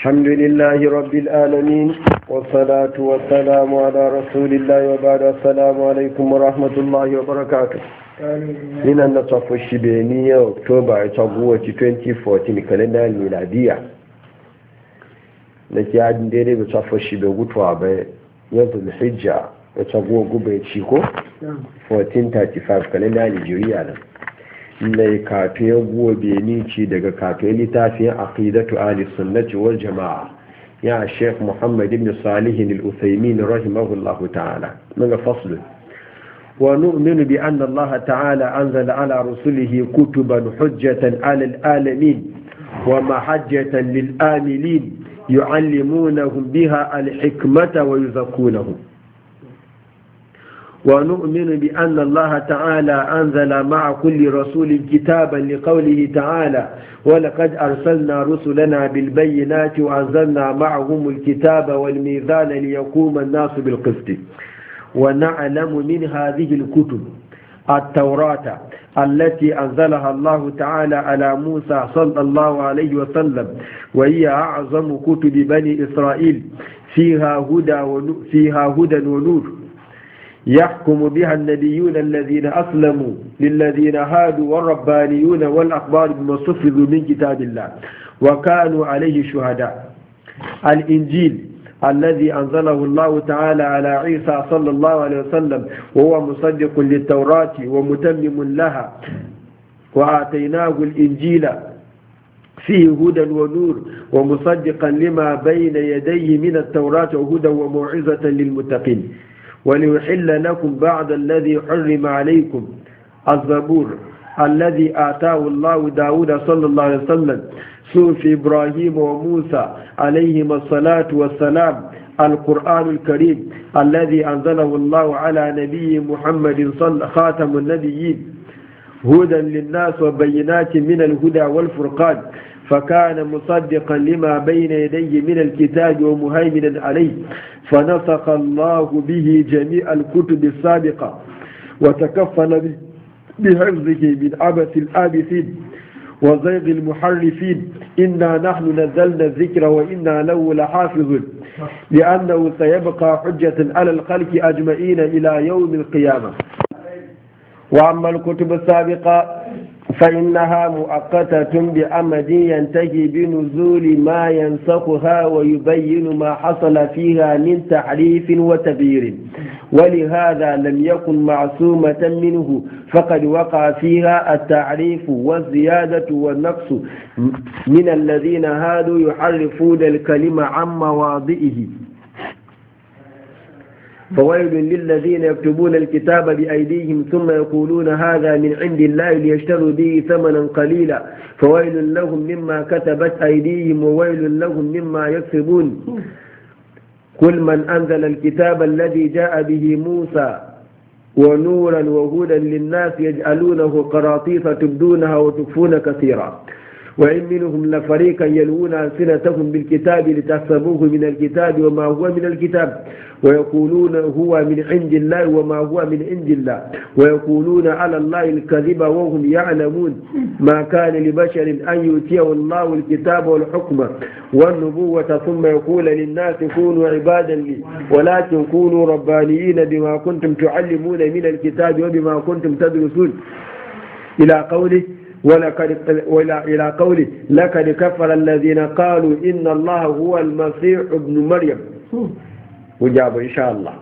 الحمد لله رب العالمين والصلاة والسلام على رسول الله وبعد السلام عليكم ورحمة الله وبركاته na tsofo shi beni ya oktoba ta guwaci 2014 kalenda na ki hadin daidai da tsofo shi bai gutuwa bai yanzu da ta guwa gube ci ko 1435 kalenda nigeria mai kafin gobe ni ce daga kafin littafin aqidatu ali sunnati wal jama'a ya sheikh muhammad ibn salih al-uthaymin rahimahullahu ta'ala daga faslu wa nu'minu bi anna allah ta'ala anzala ala rusulihi kutuban hujjatan ala al-alamin wa mahajjatan lil amilin yu'allimunahum biha al-hikmata wa yuzakkuna ونؤمن بأن الله تعالى أنزل مع كل رسول كتابا لقوله تعالى ولقد أرسلنا رسلنا بالبينات وأنزلنا معهم الكتاب والميزان ليقوم الناس بالقسط ونعلم من هذه الكتب التوراة التي أنزلها الله تعالى على موسى صلى الله عليه وسلم وهي أعظم كتب بني إسرائيل فيها هدى, فيها هدى ونور يحكم بها النبيون الذين أسلموا للذين هادوا والربانيون والأخبار بما استفردوا من كتاب الله وكانوا عليه شهداء الإنجيل الذي أنزله الله تعالى على عيسى صلى الله عليه وسلم وهو مصدق للتوراة ومتمم لها وآتيناه الإنجيل فيه هدى ونور ومصدقا لما بين يديه من التوراة وهدى وموعظة للمتقين وليحل لكم بعد الذي حرم عليكم الزبور الذي آتاه الله داود صلى الله عليه وسلم سوف إبراهيم وموسى عليهما الصلاة والسلام القرآن الكريم الذي أنزله الله على نبي محمد صلى خاتم النبيين هدى للناس وبينات من الهدى والفرقان فكان مصدقا لما بين يديه من الكتاب ومهيمنا عليه فنسخ الله به جميع الكتب السابقة وتكفل بحفظه من عبث الآبثين وزيغ المحرفين إنا نحن نزلنا الذكر وإنا له لحافظ لأنه سيبقى حجة على الخلق أجمعين إلى يوم القيامة وأما الكتب السابقة فإنها مؤقتة بأمد ينتهي بنزول ما ينسخها ويبين ما حصل فيها من تحريف وتبير ولهذا لم يكن معصومة منه فقد وقع فيها التعريف والزيادة والنقص من الذين هادوا يحرفون الكلمة عن مواضئه فويل للذين يكتبون الكتاب بأيديهم ثم يقولون هذا من عند الله ليشتروا به ثمنا قليلا فويل لهم مما كتبت أيديهم وويل لهم مما يكسبون كل من أنزل الكتاب الذي جاء به موسى ونورا وهدى للناس يجعلونه قراطيس تبدونها وتكفون كثيرا وإن منهم لفريقا يلوون ألسنتهم بالكتاب لتحسبوه من الكتاب وما هو من الكتاب ويقولون هو من عند الله وما هو من عند الله ويقولون على الله الكذب وهم يعلمون ما كان لبشر أن يؤتيه الله الكتاب والحكمة والنبوة ثم يقول للناس كونوا عبادا لي ولكن كونوا ربانيين بما كنتم تعلمون من الكتاب وبما كنتم تدرسون إلى قوله إلى قوله لقد كفر الذين قالوا إن الله هو المسيح ابن مريم وجاب إن شاء الله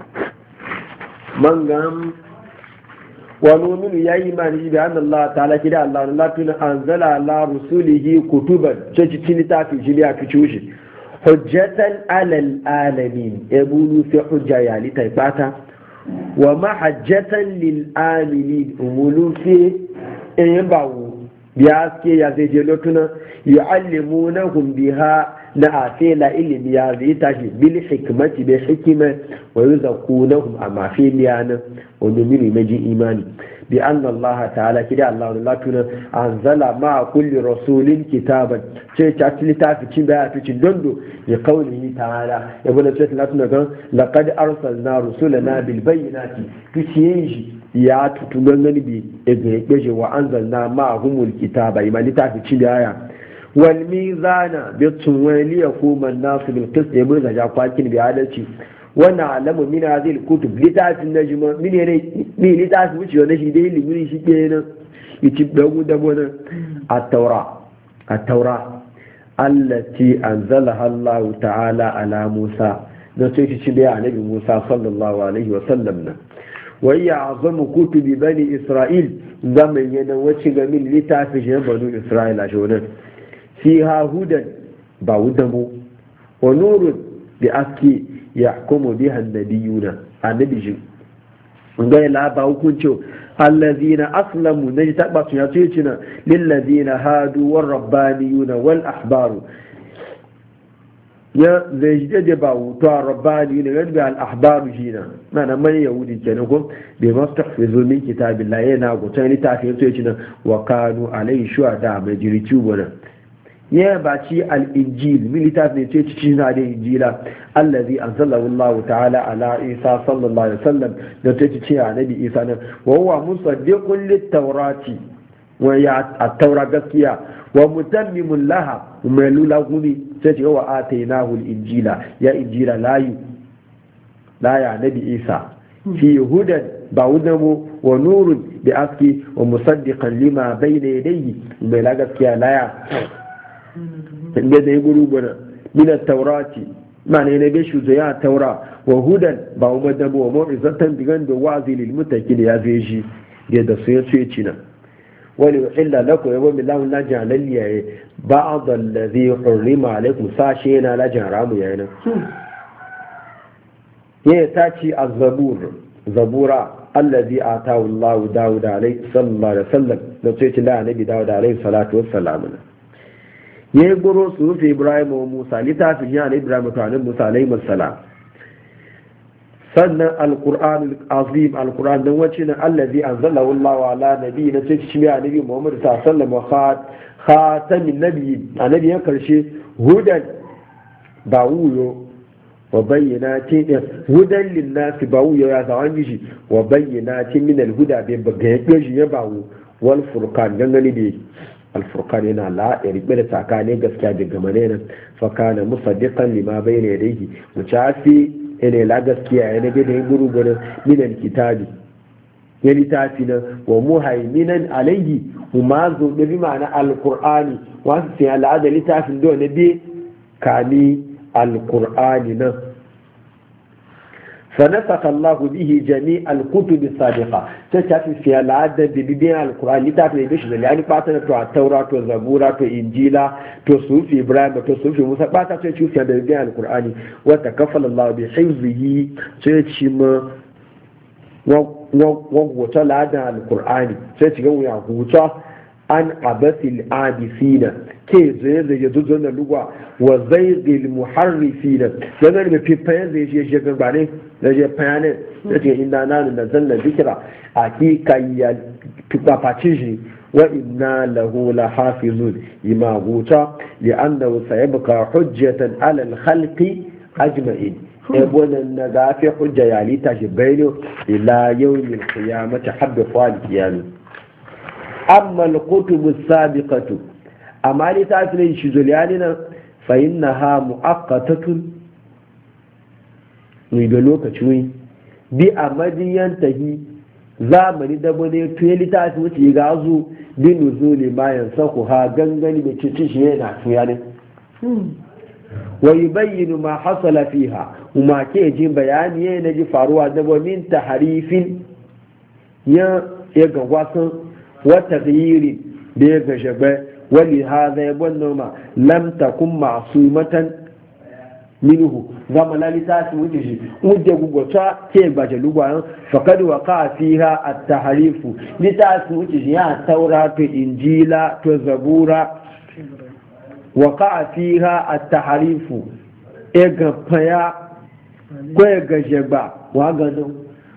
من قام ونؤمن يا إيمان بأن الله تعالى كده الله لا أنزل على رسوله كتبا تجتني تافي جليا كتوشي حجة على العالمين يقولوا في حجة يعني تيباتا وما حجة للآمنين يقولوا في إيه biya aske ya zai je lotuna yu'allimunahum allimu na afela ilimi ya zai tashi bil hikmati bi hikima wa yuzakunahum amma fi na wa min maji imani bi anna Allah ta'ala kida Allah na tuna anzala ma kulli rasulin kitaban ce ta littafi cin baya tucin dondo ya kaulihi ta'ala ya bada ce la tuna gan laqad arsalna rusulana bil bayyinati tuciyin shi ya tutu gangan bi ega ya kpeje wa anzalna ma a humul ba ima litafi ci aya wal mizana bi tunwali yakuma an-nasu bil qist ya mun zaja kwakin bi adalci wannan alamu min hadhihi al-kutub litafin najma min ne ni litafi wuce wannan shi dai limiri shi ke nan yaci dagu da bona at-taura at-taura allati anzalaha Allah ta'ala ala Musa da sai ci bi annabi Musa sallallahu alaihi wa sallam na. wayya azamu kutubi bani isra'il zaman yana wacce ga min littafi shi banu isra'ila shi wannan fi ha hudan ba hudan wa nurun bi aski yahkumu biha annabiyuna annabi shi ga la ba hukuncin allazina aslamu naji tabbatun ya lillazina hadu war rabbaniyuna wal ahbaru ya zai je da ba wuto a rabbani ne gani bi al'ahbaru jina na nan mani yahudi kenan ko bai masta fi zo min kitabin la yana gutan ni ta fiye soyaci nan wa kanu alai shuwa da mai jiriki wani ya ba ci al'injil min littafi ne ce cikin na da injila allazi anzalallahu ta'ala ala isa sallallahu alaihi wasallam da ta ci ce annabi isa nan wa huwa musaddiqun lit-taurati waya a taura gaskiya wa mutammimun laha mai lula gumi sai ce wa atainahu injila ya injila layu laya nabi isa fi hudan ba wudamu wa nurun bi aski wa musaddiqan lima bayna yadayhi mai la gaskiya laya inda da guru bana min taurati mana ne bai shuzo ya taura wa hudan ba wudamu wa mu'izatan digan da wazi lil mutaqin ya zai shi da su ya ce cinan wani illa lako yawon milahu lajin halalli yayi ba a zallazi hurrima alaikum sashe yana lajin haramu yayi nan ya ta ce a zabura allazi a tawullahu dawud alaihi sallallahu alaihi wasallam da ce ci la nabi dawud alaihi salatu wassalam na ya yi goro su rufe ibrahim wa musa littafin yana ibrahim to musa alaihi salam sannan alkur'an azim alkur'an don wacce na allazi an zalla wallawa ala nabi na ce shi mai nabi muhammad ta sallama khatamin nabi nabi ya karshe hudan ba wuyo wa bayyana tin din eh, hudan linnasi ba wuyo ya zawan gishi wa bayyana tin min alhuda bai baga ya gaji ya wu wal furqan gangani al furqan yana ya ribe da takane gaskiya da gamane nan kana musaddiqan lima bayyana yadayhi mutafi ene la gaskiya ya ne gane guru gane minan kitabi ya littafi na wa muhaiminan alayhi kuma zo da bi ma'ana alqur'ani wasu sai al'ada littafin da na bi kani alqur'ani nan فنسخ الله به جميع الكتب السابقة تتفي في العدد ببيع القرآن لتعطي بيش يعني باتنا تو التوراة تو زبورة تو إنجيلا تو صوف إبراهيم تو صوف موسى باتا تشوف في ببيع القرآن وتكفل الله بحفظه تشيما وغوتا لعدنا القرآن تشيما وغوتا an abasil abisina ke zai zai zuzo lugwa wa zai zai muharrifina zai zai mafi fayan zai je shekar ba na da je fayanin da ke inda na da zanna zikira a kika ya tukwafaci shi wa inna lahu la hafizun ima huta li annahu sayabqa hujjatan ala al khalqi ajma'in ebonan na gafi hujja ya lita shi bayani ila yawmin qiyamati habbi fa'al qiyamah amma al-kutubu sabiqatu amma littafin shi zuliyani nan fa innaha muaqqatatun mai da lokaci wai bi a madiyan tahi zamani dabo ne to ya littafi wuce ga azu bi nuzuli bayan saku ha gangani da cici shi yana tuya ne wa yubayyinu ma hasala fiha kuma ke ji bayani ya na ji faruwa dabo min taharifin ya ya gagwasan wata ghiri da ya gashe bai wani ya zai noma lamta kun masu matan minhu zama lalita su wuce shi wuje gugwata ke baje lugwayen fakad wa ka fiha at-tahrifu lita su wuce shi ya taura ta injila ta zabura wa ka fiha at-tahrifu e ga faya ko gaje ba. jeba wa ga nan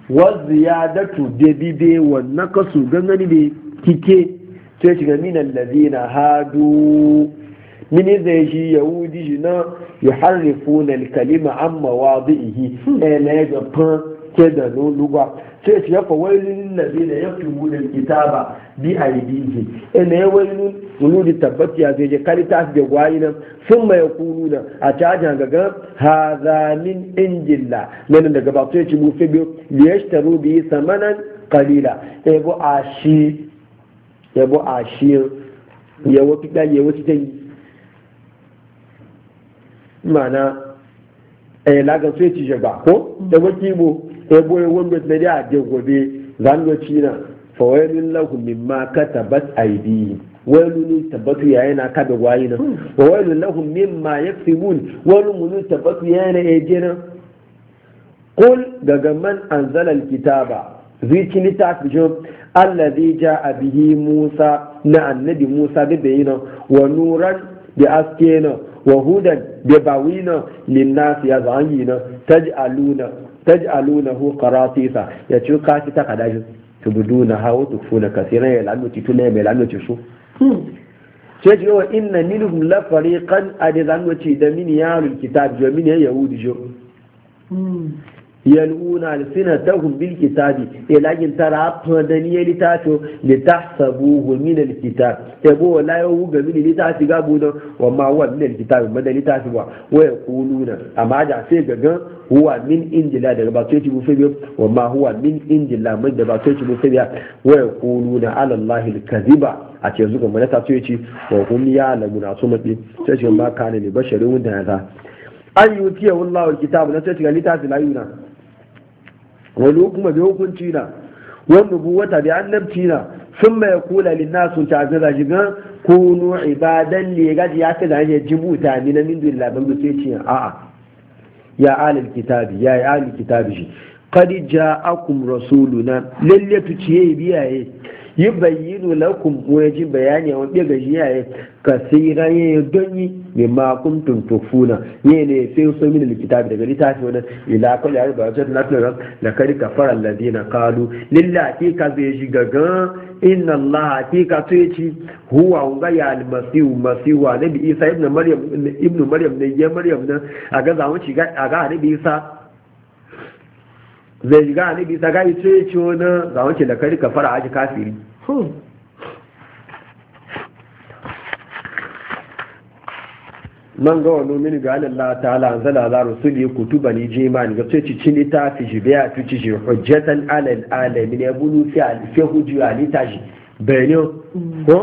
wa ziyadatu de bibe wa nakasu gangani kike sai shiga minan na hadu mini zai shi yahudi shi na yi harrifu hmm. eh, na kalima an mawadu ihi ɗaya ga fan ke da lulluwa sai shiga fa wailun eh, na ya fi wunan kitaba bi a yi ina ya wailun wuludi tabbati ya zai je ta fi gwayi nan sun mai kuru na a cajan gaga hazamin injilla nan daga ba sai ci bufe biyu ya shi taro biyu samanan kalila ebo eh, a shi yabo ashir yawo fida wasu titai mana eh laga so ci shiga ko da waki bu ya bo wanda da da de gobe zango cina fa a yi mimma wani aydihim tabbatu ya yana kada wayina wa waylun lahum ma ya fi mun tabatu yana ejena qul daga man anzala alkitaba zikini ta shi allazi ja'a bihi Musa na annabi Musa da bayina wa nuran bi askena wa hudan bi bawina lin nas ya zayina taj'aluna taj'alunahu qaratisa ya ci ka ci ta kadaji tubuduna hawa tukfuna kasira ya lalu tituna ya lalu tisu hmm. sai ji wa inna minhum la fariqan adizan wa ci da min yarul kitab jo min yahudi jo hmm. yaluna alsinatahum bil kitabi ilagin e tara fadani ya litato litahsabuhu min al kitab yabo e la yawu ga min litati ga budo wa ma huwa min al kitab da litati wa wa yaquluna amma da sai gaga huwa min indila daga ba sai bu sai wa ma huwa min indila mai da ba sai bu sai wa yaquluna ala allahi al kadhiba a ce zuga mana ta ce wa hum ya lamuna su mabi sai ce ba kana ne basharin da ya za an yi wuce wallahu al kitabu na sai ga litati la na. wani hukuma bai hukunci na wani buwata bai annabci na sun mai kula linna sun ta zira shiga kunu ibadan ne gaji ya ta zanye jibuta ne na mindu labar da sai ce a'a ya alil kitabi ya yi alil kitabi shi kadi ja'akum rasuluna lalle ciye biyaye yi bayyinu lakum waje bayani wani ɗaga jiyaye ka tsira ya yi ganyi mai makon tuntufuna ya ne sai so da likita daga fi wani ilakon kwallo ya ba wajen na tunan da kari ka fara lade na kalu lilla ke ka zai shi gagan inna allaha ke ka to ya ci huwa wunga ya almasihu masihu a bi isa ibn maryam ne ya maryam na a ga zamuci ci a ga nabi isa zai shiga a nabi saga yi ce ciwo na ga ce da kari ka fara aji kafiri hmm. man ga wani mini ga Allah ta'ala an zala za rusuli kutuba ni je ma ni ga sai cici ni ta fi jibiya tu ci jir hujjatan alal alamin ya bulu fi alfi hujju ali taji bayani ko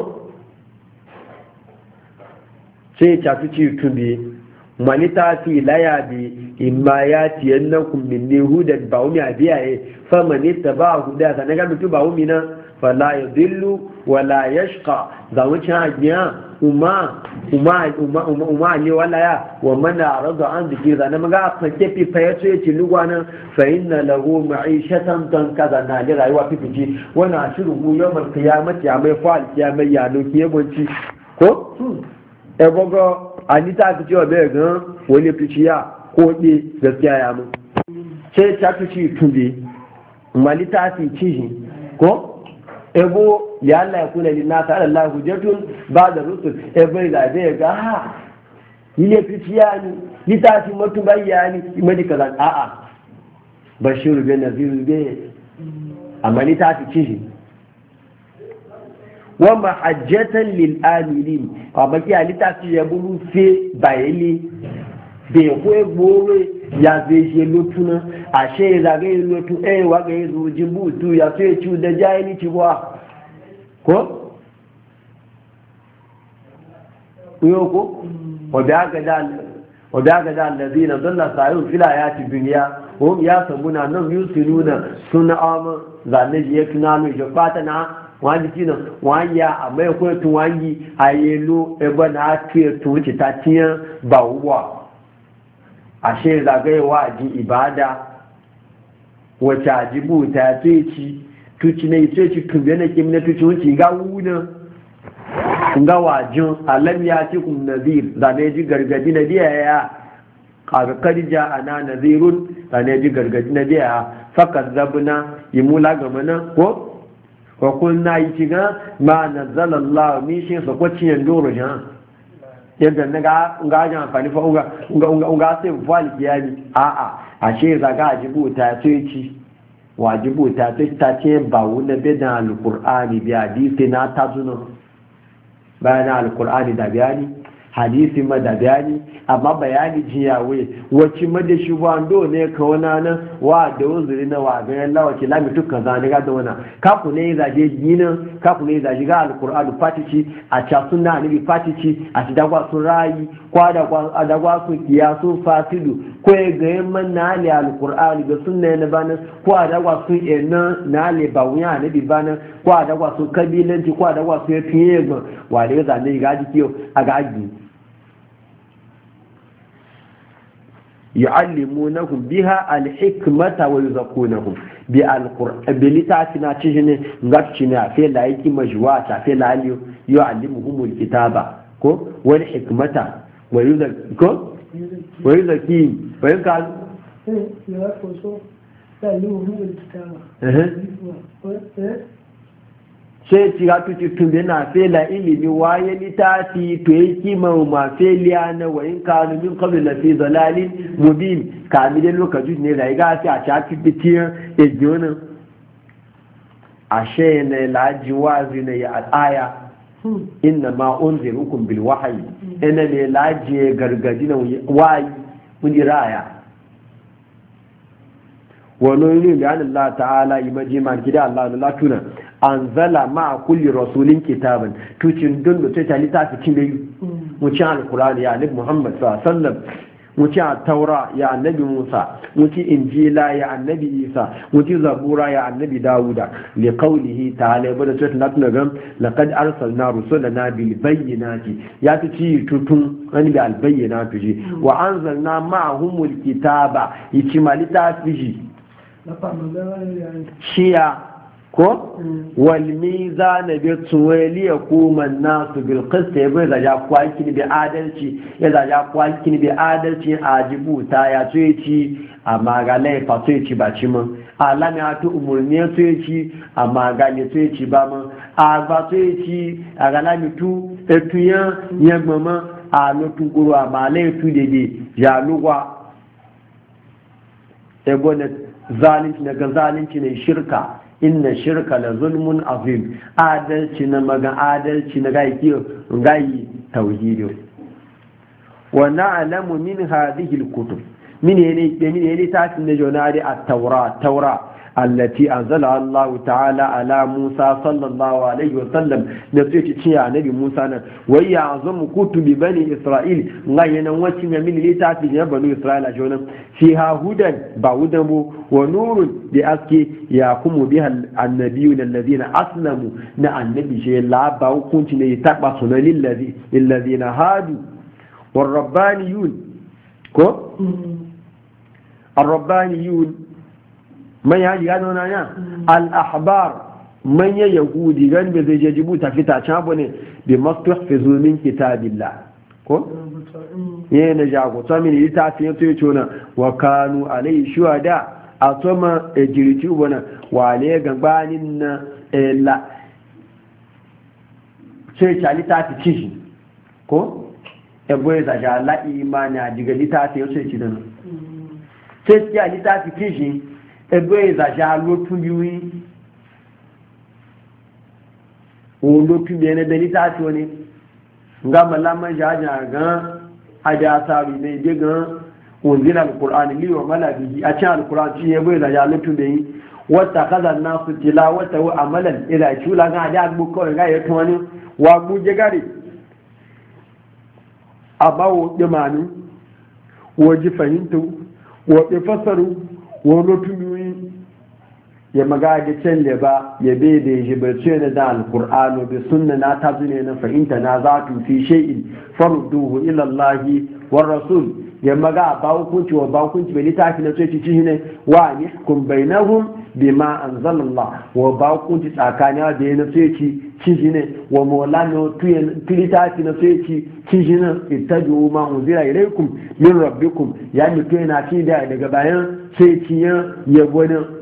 sai ta fi ci tumbi manita fi laya bi imma ya tiyan na kummin ne hudan ba wumi a biyaye fa manita ba huda sa na mutu ba wumi na fa la ya dillu wa la ya shka za wuce hajiya umma umma ne wala ya wa mana raga an zikir za na maga fa kefi fa ya ce ci lugwana fa inna lahu ma'ishatan tan kaza na ji rayuwa wani wana shiru mu yawmal qiyamati amai fa al qiyamai ya nuki yabonci ko ebogo Ani ta fi cewa bai gan wani ficiya ko ɗe gaskiya ya mu sai ta fi ci tumbe mali ta fi ci ko ebo ya Allah ya kula ni na ala Allah jatu ba da rusul bai da zai ga ha ile ya ni ni ta fi mutum ni imani kaza a'a bashiru bin naziru bin amma ni ta fi ci wa mahajjatan lil amilin ọba kí alita ti yẹ bolo fe bayele bẹẹkọ egbore yàtọ ìṣe lótú náà àṣẹ ìdàgẹ lótú ẹ wàgẹ èso jìbùtù yàtọ ètú dẹjà ẹni tí wà kọ yóò kó ọbẹ iná sàáyò fílà yà ti òun yà náà yóò sinú náà súnà ọmọ zàlẹ yẹ wani ti a wọ́n ya àmọ́ ẹ̀kọ́ a wọ́n yí ayé ló ẹgbẹ́ náà tó ètò ti ta tiẹ́ bà ó a àṣẹ ìdàgbẹ́ ìwádìí ji wọ̀tí àdìbò tààtó èkì tuci na ito ci tumbe na kim na tuci wuce ga wuna ga wajin alam ya ce kun nazir da ne ji gargadi na biya ya kaga a na nazirun da ne ji gargadi na biya ya fakar zabuna yi mula gama nan ko wa kunna yi kiga ma nazzala Allah mi shi so ko ciyen doro jan yadda na ga ga jan amfani fa unga unga unga sai fali kiyami a a ashe za ga ajibu ta sai ci wajibu ta sai ta ce ba wuna bidan alqur'ani bi hadisi na tazuno bayan alqur'ani da bayani hadisi ma bayani amma bayani jiyawe wacce ma shi ba ndo ne ka wana nan wa da wuzuri na wa ga yalla wace lami tukka zani ga da wana ka ku ne zaje gina ka ku ne zaje ga alqur'anu fatici a ta sunna ni fatici a ci dagwa sun rayi kwa da kwa dagwa su kiyasu fasidu ko ga man na ali alqur'anu ga sunna na bana ko a dagwa su ina na ali ba wuya bi bana ko a dagwa su kabilanci ko a dagwa su ya fiye ga wale ga zani ga jikiyo a ga agi yu'allimunahum biha alhikmata wa yuzakunahum bi alqur'an bi litatina cijini ngacina fe la yiki majwa ta fe la aliyo yu'allimuhum alkitaba ko wal hikmata wa ko sai ci hatu ci tumbe na fela ilimi waye litafi to yi kima ma feliya na wayin kanu min kabin na fi zalalin mubin kami dai lokaci ne da ga sai a ci hatu bitiyar ejiyonin ashe ne laji wazi ne ya al'aya hmm. inna ma unzirukum bil wahayi hmm. ina ne laji gargaji na wayi mun raya wani yi ne da Allah ta'ala yi majiman gida Allah da latuna anzala ma kulli rasulin kitabin tucin don da ta littafi kinayu mucin mm. alkurani ya nabi muhammad sallam, alaihi wasallam muci a taura ya annabi musa muci injila ya annabi isa muci zabura ya annabi dawuda li qawlihi ta'ala bada sai na tuna gam laqad arsalna rusulana bil bayyinati ya ta ci tutun wani bi al ta ji mm. wa anzalna ma'ahumul kitaba yici malita fiji shiya ko mm. walmiza na bi tsuweli ya kuma nasu bil qista ya bai zaja kwakin bi adalci ya zaja kwakin bi adalci a jibuta ya tsoye amma a magalai fa tsoye ba ci mun alami a tu umurni ya tsoye ci a magali tsoye ba mun a ba tsoye ci a galami tu etuyan ya gbama a lotun kuro a malai tu dede ya lugwa ebo na zalunci daga zalunci ne shirka inna shirka la zulmun azim adalci na maga adalci na gai kiyo gai tauhido wa na'lamu min hadhihi al-kutub min yani min yani ta da jona da at-taura taura allati anzala Allah ta'ala ala Musa sallallahu alaihi wa sallam da su yake cinya annabi Musa nan wai ya azamu bi bani Isra'il ngai nan wacce ne min litafi ne bani Isra'il a jonan fi ha hudan ba hudan bu wa nurun bi aski ya kuma biha annabiyuna alladhina aslamu na annabi je la ba hukunci ne ta ba sunan lillazi lillazina hadu warabbaniyun ko mm-hmm. arabbaniyun man ya jiga nuna ya al-ahbar man ya yahudi gan be zai je ta fita can abu ne bi mastuhfizu min kitabillah ko ne na jago to min ita fi to yi tona wa kanu alai shuhada a to ma ejiritu bona wa le gabanin na e la sai chalita ta ci ko ebo ya zaja la imani a diga litafi yace ci dana sai ya litafi kishi ẹgbẹ́ ìzàṣà lótúbí wí òun lótúbí ẹnẹbẹ níta tí ó ní nga mai wa malabihi a cikin alqur'ani shi ya bai da ya lutu bai wata kaza nasu tilawata wa mu wa ji wa wa ya magaji can da ba ya bai da ya jibarce da da alkur'anu bi sunna na ta zune na fahimta na za tu fi shay'in faru duhu wa rasul ya maga ba hukunci wa ba hukunci bai litafi na tsoci ci ne wa bi ma an zalla wa ba hukunci wa da yana tsoci ci ne wa maulana litafi na tsoci ci ne ittabi'u ma unzila ilaykum min rabbikum ya kai na ci da daga bayan sai ci ya gwanin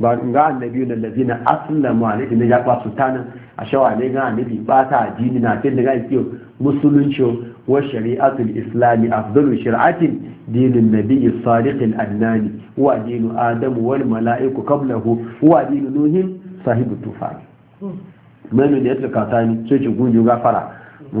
ba ga annabi na lazina aslamu alaihi na jaba sultanin a shawa ne ga annabi ba ta addini na fin da ga kiyo musulunci wa shari'atul islami afdalu shari'atin dinin nabiyyi sadiqil annani wa dinu adam wal mala'iku qablahu wa dinu nuhin sahibu tufan menu ne ta katani sai ci ga fara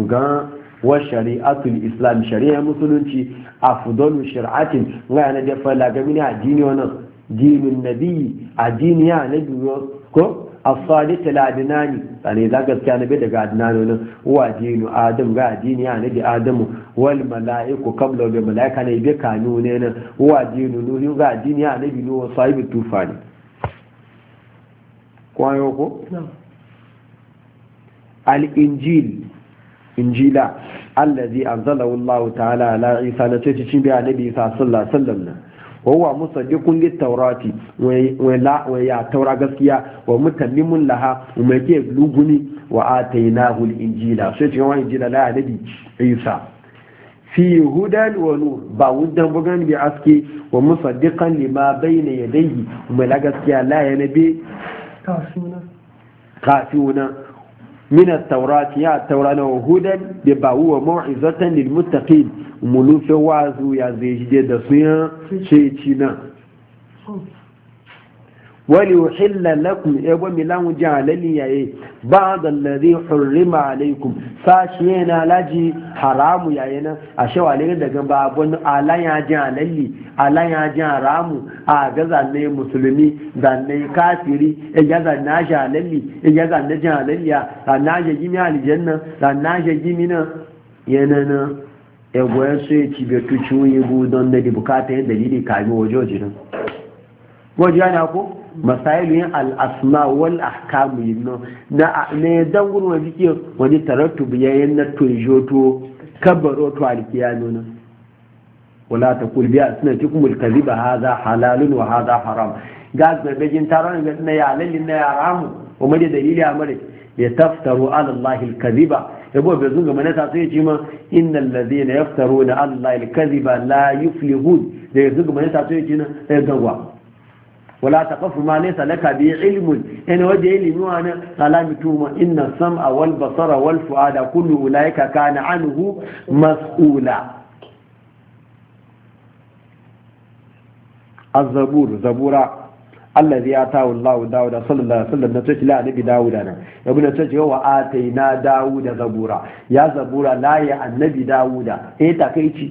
ga wa shari'atul islami shari'a musulunci afdalu shari'atin ga na da fala ga mini addini wannan dinin nabi addini ya nabi ko afali taladinani sane za gaskiya na bai daga adinano nan wa dinu adam ga adini ya nabi adamu wal mala'iku kabla bil mala'ika ne bi kanu ne nan wa dinu nuhu ga adini ya nabi nuhu sahibi tufani kwayo ko al injil injila allazi anzalahu allah ta'ala ala isa na ce cikin bi annabi isa sallallahu alaihi wasallam wawa musa duk kun wa la wa ya taura gaskiya wa mutallimun laha mai ke luguni wa atainahu injila sai cikin wani injila la nabi isa fi hudan wa nur ba wudan bugan bi aski wa musaddiqan lima bayna yadayhi mai la gaskiya la ya nabi kafuna kafuna من التوراة يا التوراة وهدى بباو وموعظة للمتقين ملوف وازو يا زيجي دسويا شيتينا wali uhilla lakum ebo milan jalali yayi ba'd allazi hurrima alaikum sa shi sashi yana alaji haramu yayi nan a shawale daga babun alaya jalali alaya jaramu a ga zanne musulmi zanne kafiri e ga zanna jalali e ga zanna jalaliya zanna ya gimi aljanna zanna e ya gimi nan yana nan ebo yaso ya ci betu ciwo yego don da bukata yadda dalili kami waje waje nan waje yana ko masailu yin al'asma wal ahkamu yin no na ne dan gurin wani ke wani tarattu biyayen na tunjo to kabaro to alkiyano na wala ta kul biya suna cikin mulkazi ba haza halalun wa haza haram ga zarbejin taron ga na ya lalin na ya ramu wa made dalili a mare ya taftaru ala allahi alkaziba yabo bai zunga mana ta sai ya ce ma innal ladina yaftaruna ala allahi alkaziba la yuflihun da zunga mana ta sai ya na ya ولا تقف ما ليس لك بعلم علم ان يعني وجه علم وانا سلام توما ان السمع والبصر والفؤاد كل اولئك كان عنه مسؤولا الزبور زبورا الذي آتاه الله داود صلى الله عليه وسلم نتوش لا نبي داود أنا يقول نتوش هو آتينا داود زبورا يا زبورا لا يا النبي داود إيه تكيتي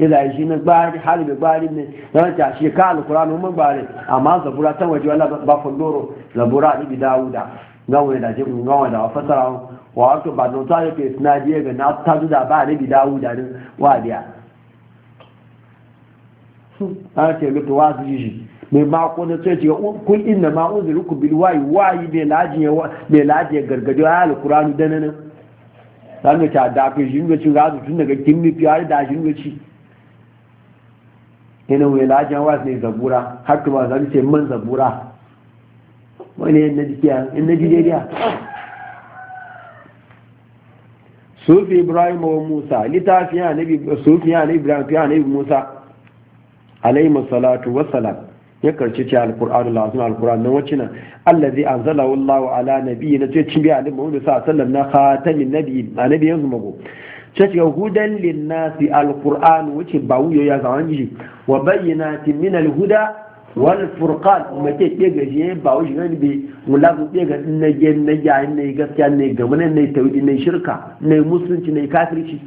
ila shi na gbari halibi gbari ne na wata shi ka alukura na umar gbari amma zabura ta waje wala ba fundoro zabura ni bidawuda gawo da je gawo da fasara wa to ba don ta yake sinadiye ga na ta da ba ni bidawuda din wa biya a ce lutu wa su shi mai mako na tsoci ga kun inna ma unziruku bil wayi wayi bai lajiye bai lajiye gargado alkuranu dananan zamu ta da ku shi ne cin gazu tun daga kimmi fiye da shi ne ci yana wai lajan wasu ne zabura haka ba za ce man zabura wani yan najiya yan sufi ibrahim wa musa littafiya annabi sufi na ibrahim fi annabi musa alaihi salatu wassalam ya karci ce alqur'anul azim alqur'an nan wacce nan allazi anzalahu allah ala na ce cin bi annabi muhammad sallallahu alaihi sallar na khatamin a nabi yanzu mago sai ga hudan linnasi alquran wuce ba wuyo ya zaman ji wa bayyinatin min alhuda wal furqan mace ke gaje eh, ba wuce gani bi mulazu ke ga na je na ja ne gaskiya ne ga mun ne tawidi ne shirka ne musulunci ne kafirci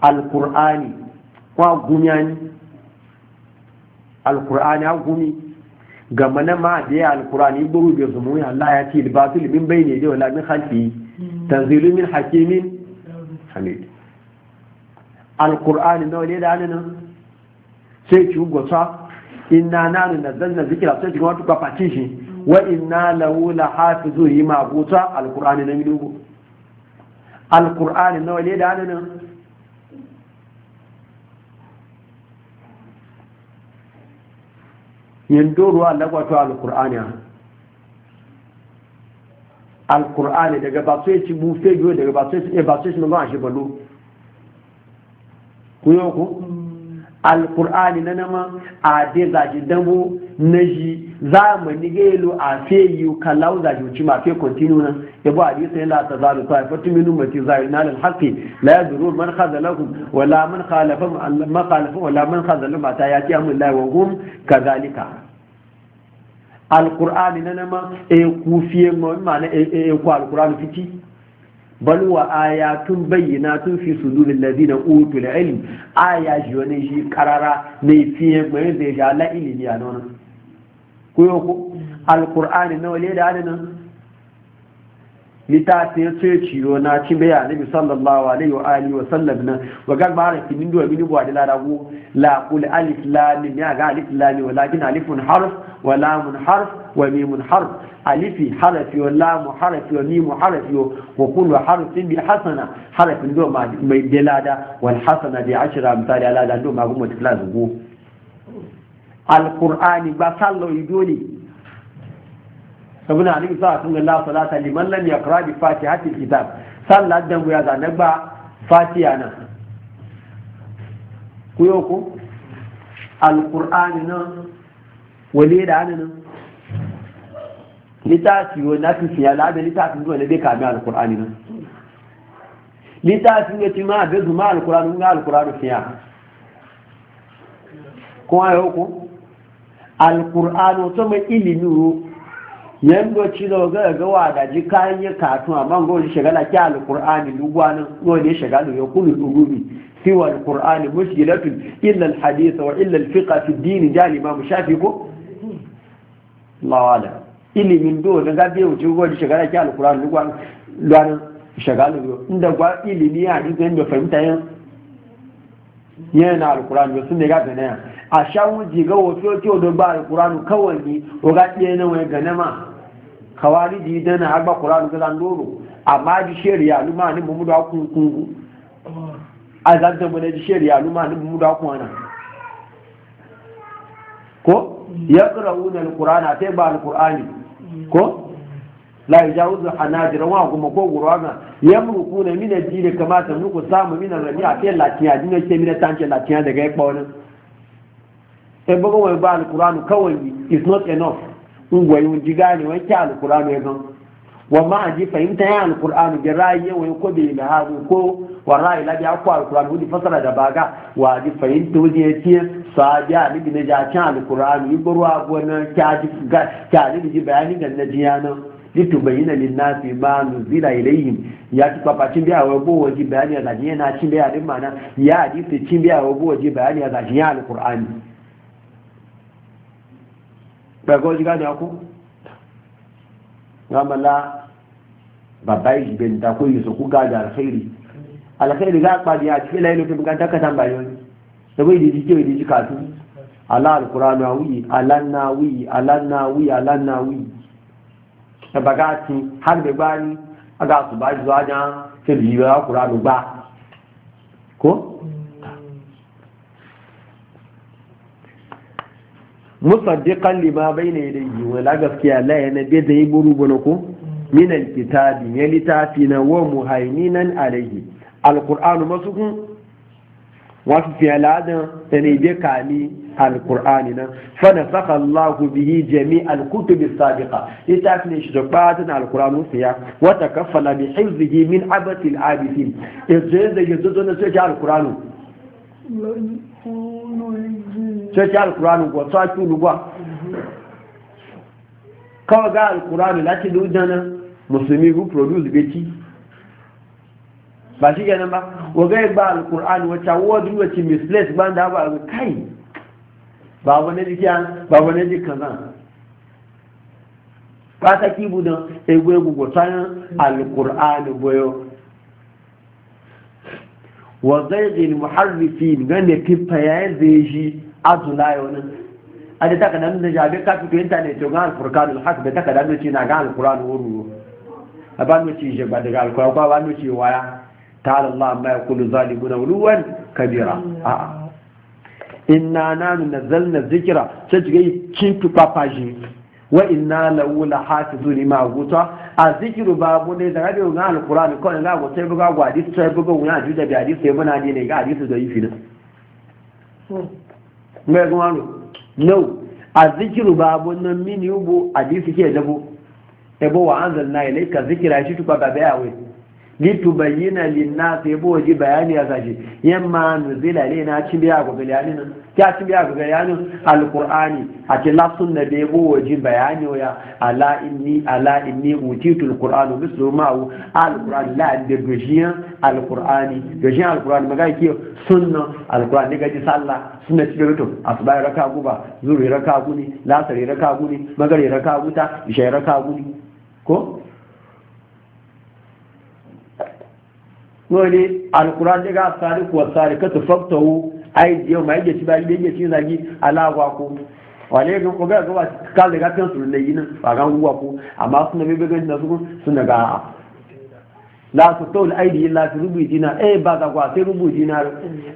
alqurani kwa gumyani alqurani gumi ga mana ma da ya alqurani buru bi zumu ya Allah ya ce batil min bayni da wala min khalfi hmm. tanzilu min hakimin hamidi alkur'ani nawa ne da hannun sai ci gwasa ina nanu zanna zikira sai cikin wata kwafaci shi wa inna lahu la hafizu yi mabuta alkur'ani na milugu alkur'ani nawa ne da hannun yin doruwa lagwato alkur'ani alkur'ani daga ba su yaci bufe biyu daga ba su yaci eh, ba su yaci na ba shi balo ku yi ku alkur'ani na nama a dai zaji damu na ji mu gelo a fe yi kallau zaji wuce ma fe kontinu nan ya bu hadisi sai la ta zalu ta fa tuminu mati zalu na lal haqi la yadru man khazalakum wala man khalafa man khalafa wala man khazalakum ta yati amul la wa hum kadhalika alkur'ani na nama e kufiye ma'ana e, e, e ku alkur'ani fiti bal tun ayatun bayyinatun fi suduril ladina utul ilm aya ji wani shi karara ne fiye mai zai ja la ne a nan ku yo ko alkur'ani na da adana ya sai ciro na ci bai annabi sallallahu alaihi wa alihi wa sallam na. wa gar bara ki min duwa min buwa da larabu la qul alif lam ya ga alif lam lakin alifun harf wa lamun harf wa mimun harf alifi harfi wa lamu harfi wa mimu harfi wa kullu harfin bi hasana harfin do ma mai dalada wal hasana bi ashra misali ala da do ma gumo tikla alqur'ani ba sallo idoni sabuna alaihi sun ga wasallam salata liman lam yaqra bi fatihatil kitab sallat dan buya zane ba fatiha na kuyo ko alqur'ani na wale da ana nan litafi wa nafi fiya la da litafi zuwa da bai kami alqur'ani na litafi ne ti ma da zuma alqur'ani ga alqur'ani fiya ko ayo ko alqur'ani to mai ilimi yan doci da ga ga da ji kayan ya katu amma go shi shagala ki alqur'ani lugwanin go ne shagalu ya kullu dugubi siwa alqur'ani mushkilatu illa alhadith wa illa alfiqh fi din da imam shafi ko lawala ilimin do da ga biyu ji go shagala ki alqur'ani lugwanin shagalu inda gwa ilimi ya dinga da fahimta yan yana alqur'ani sun ne ga ganin a shawun jiga wato to do ba Alƙur'ani kawai ne o ga ɗaya na wani ganama di dana agba Quran ga landoro amma di ya luma ni mumu da ku ku azan da mu ne sheri ya luma ni mumu da ku ana ko yaqra'una alqur'ana sai ba alqur'ani ko la yajuzu hanajira wa kuma ko gurwaga yamruku ne min ajire kamata nuku samu min rabi'a sai latiya dinga ce min tanke latiya daga ya kwanin sai e bugo wa ba alqur'anu kawai is not enough ngwayin ji gane wanke alkur'ani ya gan wa ma ji fahimta ya alkur'ani bi ra'ayi wa ko bi lahabu ko wa ra'ayi la bi ko alkur'ani wudi fasara da baga wa ji fahimta wudi ya tiya sahabi ali bin ja kan alkur'ani yi gurwa gona kya ji ga ta ji bayani da na jiyana litu bayyana lin nasi ma nuzila ilayhim ya ci papacin biya wa bo waji bayani ya na cin biya din mana ya hadisi cin biya wa bo waji bayani da ya alkur'ani gbàgbọ́ ojú gáàdì ọkú wọn mọ̀ lá bàbá ìjìbẹ̀ níta kó yìí sọkú gáàdì àlàfẹ́rì àlàfẹ́rì gá pàdé àti fẹ́lẹ́ ìlú fẹ́mi gáàdì kàtà ń ẹgbẹ́ ìdíjí tí ìdíjí kàtú aláàlùkùránù àwùyí alánàwùyí alánàwùyí musaddiqan lima bayna yadayhi wala gaskiya la yana be da yi buru bana ko min alkitabi ya litafi na wa muhaiminan alayhi alqur'anu masukun wasu fiyaladin da ne be kami alqur'ani nan fa nasakha allah bihi jami alkutub as-sabiqa litafi ne shi da batin alqur'anu fiya wa takaffala bi hifzihi min abati al-abithin yanzu da yanzu da sai alqur'anu cece alkuranu kuwa su ake olugwa kawai ga alkuranu láti ló dáná musulmi who produce beti ba shi ganin ba waga ya gba alkuranu wacce wadda wacce misplace ba da ba a kai ba wani jikiya ba wani zan wa ni muharrifi gane fifa yi zai shi azula yau nan a da taka da jabe ka yi intanet to ga alfurkan alhaq da taka da ce na ga alfurkan wuru a ba mu ci je ba daga alquran ba ba mu ci waya Ta allah amma yaqulu zalimuna uluwan kabira a inna nanu nazzalna zikira sai ga kin tupa pajin wa inna lahu la hafizun ima guta azikiru babu ne da radio ga alquran ko ga go sai buga go hadisi sai buga go na juda bi hadisi sai muna ne ga hadisi da yifi na me hmm. go anu no azikiru babu nan mini ubu hadisi ke dabo ebo wa anzalna ilayka zikra shi tuka babawe litubayyana linnasi yabo waje bayani ya sashi yamma nuzila ne na cin biya bayani nan ya cin biya bayani alqur'ani a ce la sunna da yabo bayani ya ala inni ala inni utitul qur'anu mislu ma alqur'an la da gajiyan alqur'ani gajiyan alqur'ani maga ke sunna alqur'an ne gaji sallah sunna ci gato asbai raka guba zuri raka guni lasari raka guni magari raka guta isha raka guni ko wani alkuran daga sarik wa sarika ta faktahu ai yau mai yake ci ba yi ci zagi alawa ko wale ga ko ga ga ka daga kan su ne yin ba ga guwa ko amma sun ne bebe da su sun daga la su tol aidi la su rubu dina eh ba da kwa sai rubu dina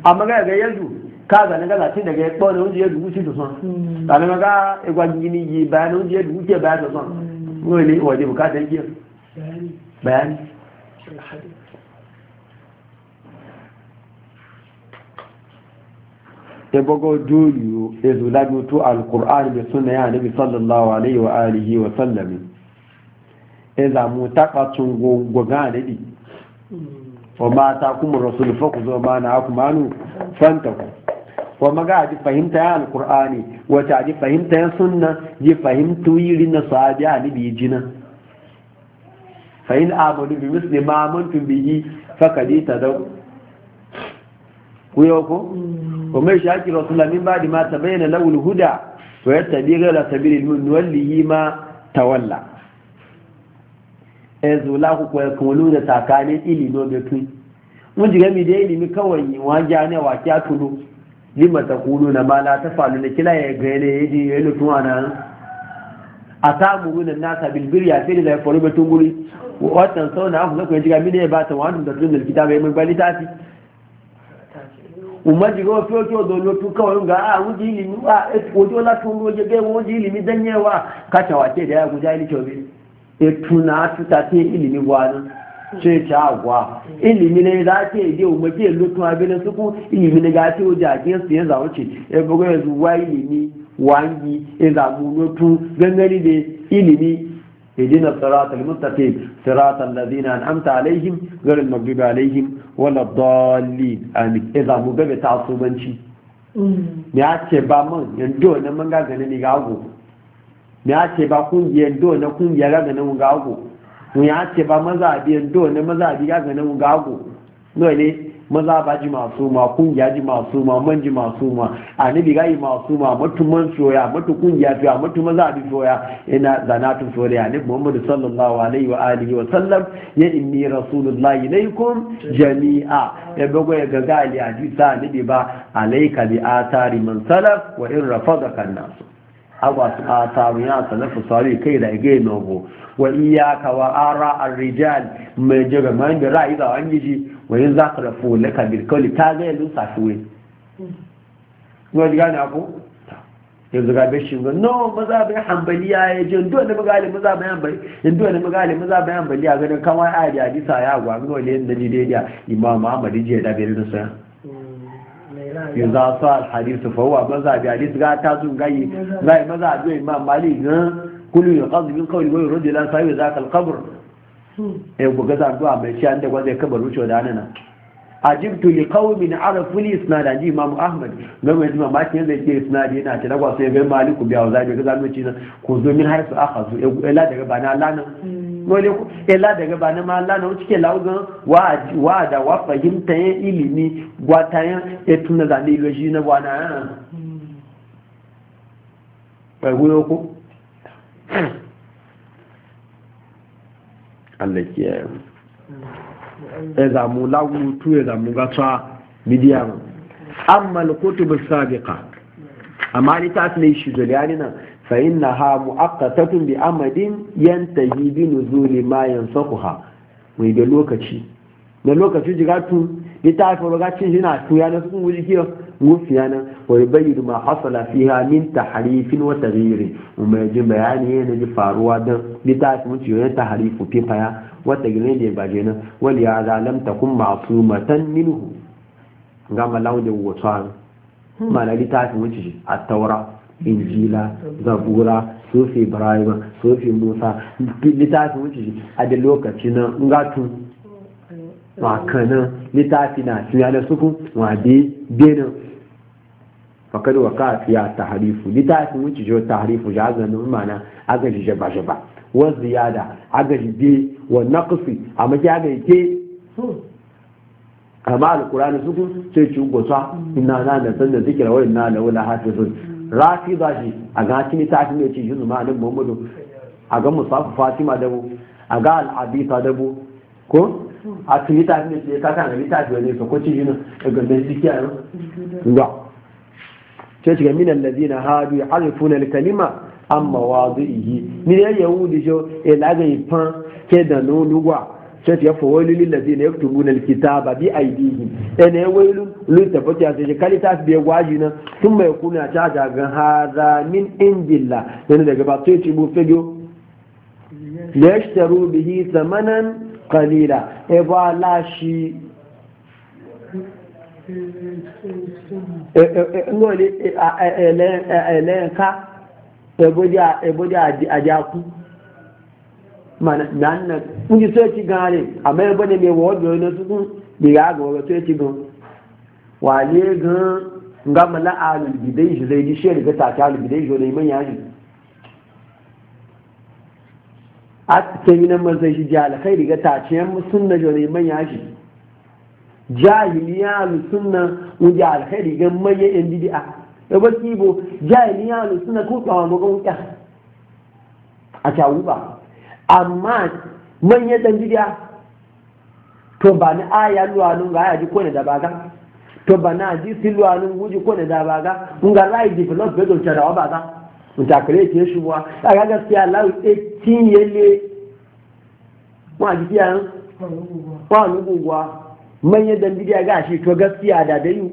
amma ga ga yanzu ka ga daga lati daga ya kpona wanda dubu ci da son ta hmm. ne ga e gwa gini yi bayan wanda ya dubu ke bayan da son wani hmm. waje bukatar yi bayani bayani ya bago doriyo ya zula mutu alkur'an da suna ya nabi sallallahu alaihi wa alihi wa sallami ya zamu takatun gogoga da di wa mata kuma rasul faku zo ma na haku manu fanta ku wa maga ji fahimta ya alkur'ani wata ji fahimta ya suna ji fahimtu yiri na sahabi a nabi jina fa in amanu bi muslima amantum bihi fakadi tadaw kuyo ko wa mai shaki rasulullah min ba'di ma tabayyana lahu al-huda da yattabi ghayra sabilil mu'min wallihi ma tawalla ezulahu ko yakulu da takane ilimi da tun mun jiga mi da ilimi kawai wa ne wa kya tulu lima taquluna ma la na kila ya gane yaji ya lutu ana atamuruna nasa bil ya afili da faru batun guri wa tan sauna afu ya jiga mi da ba ta wa da tunzil kitabe mai fi. umaji ga wafi ojo da lotu kawai ga a ah, wuji ilimi wa ojo eh, la tun roje ga wuji ilimi dan yawa kacha wace da ya guja ilimi kyobe e tuna ta te ilimi gwanin ce ta ah, agwa ilimi ne za ke yi umaji ya lotu abin suku ilimi ne ga ce ojo a su ya zawo ce ya eh, bugu ya zuwa ilimi wangi ya zamu lotu gangani da ilimi اهدنا الصراط المستقيم صراط الذين انعمت عليهم غير المغضوب عليهم ولا الضالين امين اذا مبابي تعصوبا شيء me ce ba man yando na man ga ganin ni gago me ce ba kungiyar yando na kungiyar ga ganin gago me ce ba maza bi yando na maza bi ga ganin no ne maza ba ji masu ma kungiya ji masu ma man ji masu ma a ni bi yi masu ma matu man soya matu kungiya soya matu maza bi soya ina zanatu soya ni muhammadu sallallahu alaihi wa alihi wa sallam ya inni rasulullahi ilaikum jami'a ya bago ya ga gali a jisa ni bi ba alaika bi atari man salaf wa in kan nasu agwa su a ya salafu sari kai da ga nogo wa iyaka wa ara ar-rijal mai jira mai da ra'ayi da wani wai za ka rafu kabir kawai ta zai lusa shi wai wani gane ko yanzu ga bai shiga no maza bai hambali ya je ndo ne magali maza bai hambali ndo ne magali maza bai ya ganin kama a yi hadisa ya gwa ngo ne da ni dai ya imam Ahmad jiya da bai da sai ya za su al-hadith fa huwa maza bi hadith ga ta sun gayi zai maza bi imam Malik kullu yaqdi min kawai wani yurdi la sa'i za a qabr ya eh, guga zaduwa mai shi an da gwazai kabar wuce da A ajibtu li qaumin arafu li isnad an imamu ahmad ga mai jima ma kin da ke isnad yana ta dagwa sai ga maliku biya za ga zanu ci ku zo min haisu akhazu eh, ila eh, daga bana lana mm. wale ku ila daga bana ma wa da wa fahimta yin ilimi gwata yin etuna na yana mm. bai Allah kiyaye mu ya zamu lagutu ya zamu gata midiya mu amma al-kutub sabiqa amma ta ne shi zuliyani nan fa innaha mu'aqqatatun bi amadin yantahi bi nuzuli ma yansakuha mai da lokaci da lokaci jigatu littafi rogacin yana tuya na sukun wuri kiyo وفيانا ويبين ما حصل فيها من تحريف وتغيير وما يجي بياني هنا دي فاروا ده دي تاس متي وين تحريف في بيا وتغيير دي باجينا ولهذا لم تكن معصومة منه غما لو دي وصان ما لا دي تاس متي التوراة injila zabura sufi ibrahim sufi musa littafin wuce a da lokaci na ngatu makanan littafi na su yana suku wa bi benin ya waka fiya tahrifu litafin wuce jo tahrifu ja ga nan mana aga ji jaba jaba wa ziyada aga ji bi wa naqsi amma ja ga yake amma alqur'ani su ku sai ci sa? inna na da san da zikira wa inna la wala hafizun rafida ji aga ci litafin ne ci yuzu ma nan muhammadu A aga musafu fatima dabo ga al da dabo ko a ci litafin ne ci ka kan ga litafin ne so ko ci yuzu ga da zikiya ga sai shiga minan lazina hadu ya harifuna kalima amma zu iyi ni ya ya laga eh, yi fan ke da nuluwa sai ya fawailu lil lazina yaktubuna alkitaba bi aydihim ene eh, wailu lu tafati a sai kalita biya gwaji nan tun mai kuna ta daga hada min indillah yana daga ba sai ci bu fego yashtaru bihi zamanan qalila ya eh, ba lashi ngoli ẹlẹ́ẹ̀ká ẹbọ́dí àjákú na nna ndị so echi gaa ama ebe eh, eh, eh, na mewe ọbịa onye tupu gbere aga ọrụ so echi gaa na gaa nga mala zai ji shi riga take alubide izu zai manya ne a cikin yi nan mazai shi ji alakai riga take yan musun na jone shi jahiliya lusunna wuje alheri ga maye yan bid'a da ba kibo jahiliya lusunna ko tsawa mu ga wuka a tawu ba amma manye dan bid'a to ba ni aya luwanun ga aya ji ko ne da baga to ba na ji si luwanun guji ko ne da baga nga ga rai di filof be don tarawa baga mun takare ke shi wa aga gaskiya lawo e tin yele wa ji ya wa lugu wa manyan dambidi ga shi to gaskiya da dayu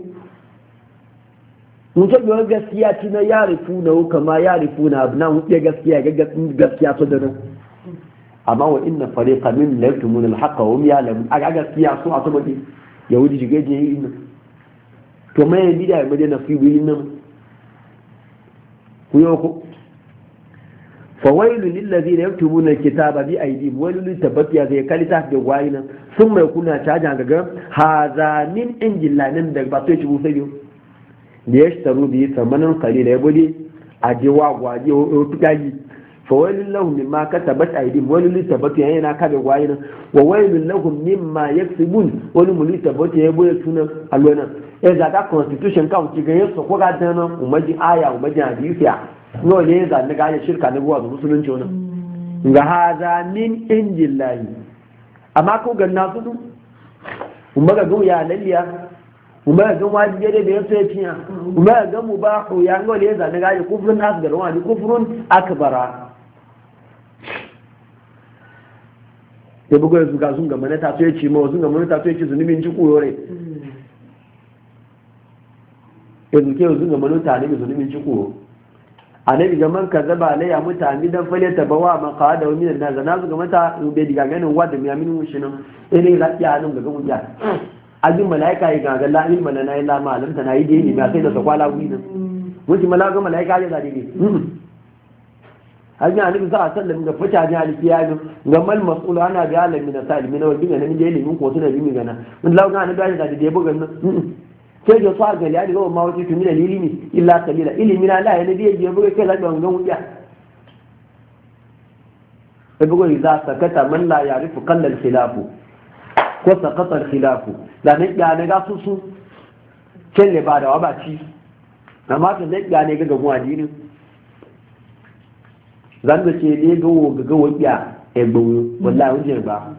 mutum yawon gaskiya ci na ya rufu na ma ya rufu na abu na wuce gaskiya ga gaskiya su da nan amma wa inna fare kamin la yaktumun al-haqqa wa miya ya'lamun a gaskiya su a saboda yahudi shiga je yi nan to mai bidiya mai da fi yi nan ku yau ku. fawailu lillazina yaktubuna alkitaba bi aydihim wailu litabatiya zai kalita da gwayina sun mai kuna caja gaga haza min injilla da ba sai cibu sai da ya shitaru bi samanin kalila ya bude a jewa gwaje o tukaji fawailu lahum mimma katabat aydihim wailu litabatiya yana kada gwayina wa wailu lahum mimma yaksubun wani mulitabatiya ya bude sunan alwana ga ko ga dana umaji aya umaji hadisiya no ne za ni ga shirka ne buwa ga musulunci wani ga haza min injin layi amma ko ga na su kuma ga gun ya lalliya kuma ga gun wajen gere da ya so ya ciya kuma ga gun mu ba ku ya no ne za ni ga kufrun nasu da rawani kufrun akbara ya bugo ya zuga ga mana ta so ci ma ga mana ta so ci zunubin ji kuyore hmm. ya zuke zunga mana ta ne zunubin ji kuyore annabi ga man ba alayya mutane dan fale ta bawa man qada wa min an na zuga mata in bai diga ganin wadda mai aminu mushinan ene za ki anan ga mun ya azin malaika ya ga la ilma na nayi la alamta ta yi dai ne ba sai da sakwala wuri nan wuce malaika malaika ya zade ne hmm. hajji annabi za a sallam ga fata ne alifiya ne ga mal mas'ul ana ga alamin sa'il min wa bi ga nan da ilimin ko suna bi mi gana mun lawa ga annabi ya zade da bugan nan hmm. sai da fara gali ya daga ma wata tumi da lilimi illa kalila ilimi na laye na biye biye buga kai zaɓe wangan wuya sai buga za sakata man la ya rufu kallar khilafu ko sakatar khilafu da na ya na ga susu can ne ba da wa ba ci amma kan da ya ne ga a adinin zan da ce ne ga wo ga ga wuya e gbawo wallahi wuje ba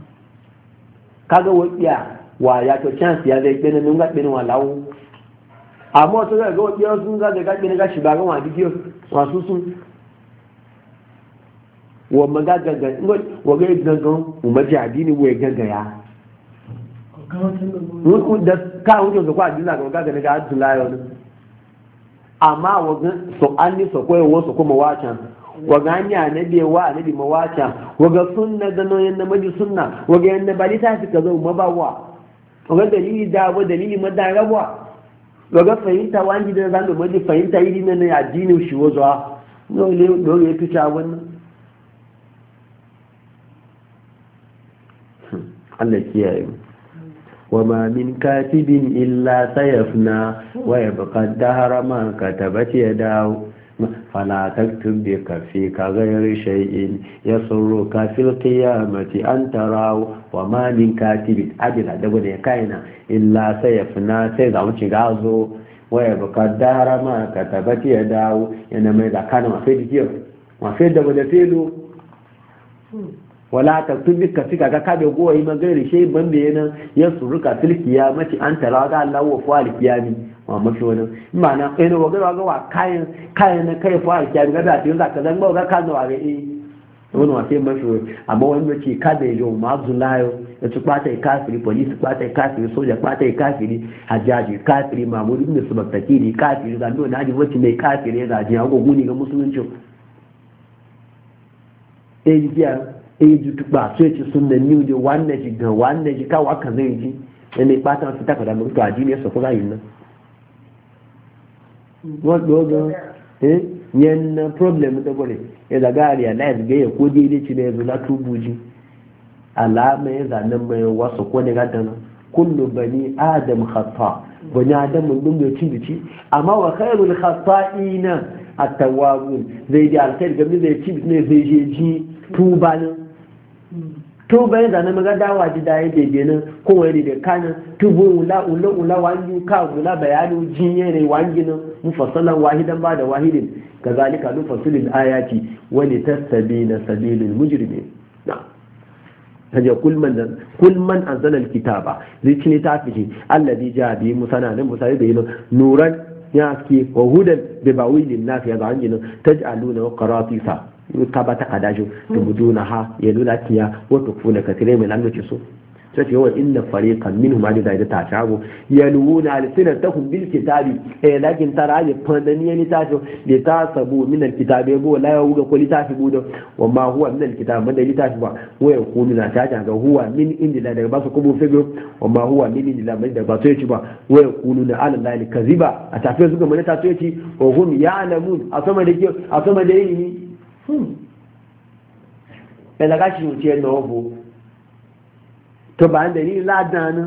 ka ga wa ya to chance ya zai gbenin nunga gbenin wa lawo amma wata zai ga wajen sun za da gaɓi na gashi ba gama duk yau masu sun wa magagaga wa ga yi gangan umarji ne wa ya gagaya da ka hujjo su kwa jina ga magagaga na gaɓi su layo ne amma wa ga su an ni su koyo wasu kuma wacan wa ga hanyar na biya wa a nabi mawaca wa ga sunna gano yadda maji suna wa ga yadda bali ta fi ka zo mabawa wa ga dalili dawa dalili wa. daga fahimta wani da zan dubu da fahimta yi dina na addini shi wazawa dole ya fi ta wannan Allah kiyaye mu wa ma min katibin illa sayafna wa yabqa dahara ma katabati dawo. fana taktun kafi ka gayar shay'in ya sauro ka fil qiyamati an tarawo wa ma min katibi adila da gode ya kaina illa sai ya fina sai zamu ci gazo waya ba ka dara ma ka ya dawo yana mai da kana ma fedi kiyo ma fedi da gode fedo wala ta tubi ka fi kaga ka da goyi magana shay'in ban bayyana ya suruka an tarawo ga Allah wa fa'al qiyami wa mafi wani ma'ana kai eh, na gaba ga kayan kayan na kai fa a kyan gaba ta yanzu ka zan ba ka zuwa wa ga eh wani wasu sai mafi wani amma wani mace ka da yau ma zulayo ya ci kwata ya kafiri polisi kwata ya kafiri soja kwata ya kafiri hajjaji kafiri mamuri baktaki ne kafiri zambi wani hajji wacce mai kafiri ya zaji ya goguni ga musulunci ne biya eh ji eh, tukba ci sunna ni da wannan shi ga wannan shi kawo aka zai ji ne ɓata wasu takwada mutu aji ne su yi yin nan wọ́n gbọ́ gan yẹn na problem dabo ne ya zaga a realize ga ya ko daidai ci na yanzu na tubu ji alama ya zanen mai wasu ko ne gata nan kullu bani adam khata bani adam mun dun bai cin bici amma wa khairul khata'ina at-tawwabun zai ji alkhair ga ne zai je ji túbà tu bayan zane maza dawa ji da daidai, bebe nan kowai da daga kanin tu bu wula wula wula wani ka wula bayanu jinye ne wani nan mufassalan wahidan ba da wahidin ga zalika nufa sulil ayati wani ta tattabi na sabilin mujirmi hajjar kulman a azalar kitaba zai ta fi allah bi ja bi musa na nan musa da yi nuran ya ke wa hudan da ba wuli na fiye ga hanginin ta ji aluna wa karatu ka ba ta kada shi tubuduna ha ya lula tiya wa ka tire mai lamu so ta ce yawan inna fariqan minhum ma da ta ya tago yaluna alsinatakum bil kitabi eh lakin tara ya fandani yani ta so da ta sabu min al kitabi go la ya wuga ko litafi budo wa ma huwa min al kitabi ma da litafi ba wa ya kunu na ta ga huwa min indila daga ba su kubu fego wa ma huwa min indila man da ba so yaci ba wa ya kunu na ala lal kaziba a tafiya su ga mana ta so yaci wa hum ya'lamun a sama da ke a sama da yi Hmm. ẹ̀lá ká ṣe òtí ẹ̀nà ọ̀bọ̀ tọba ń dẹ̀lí ládàánú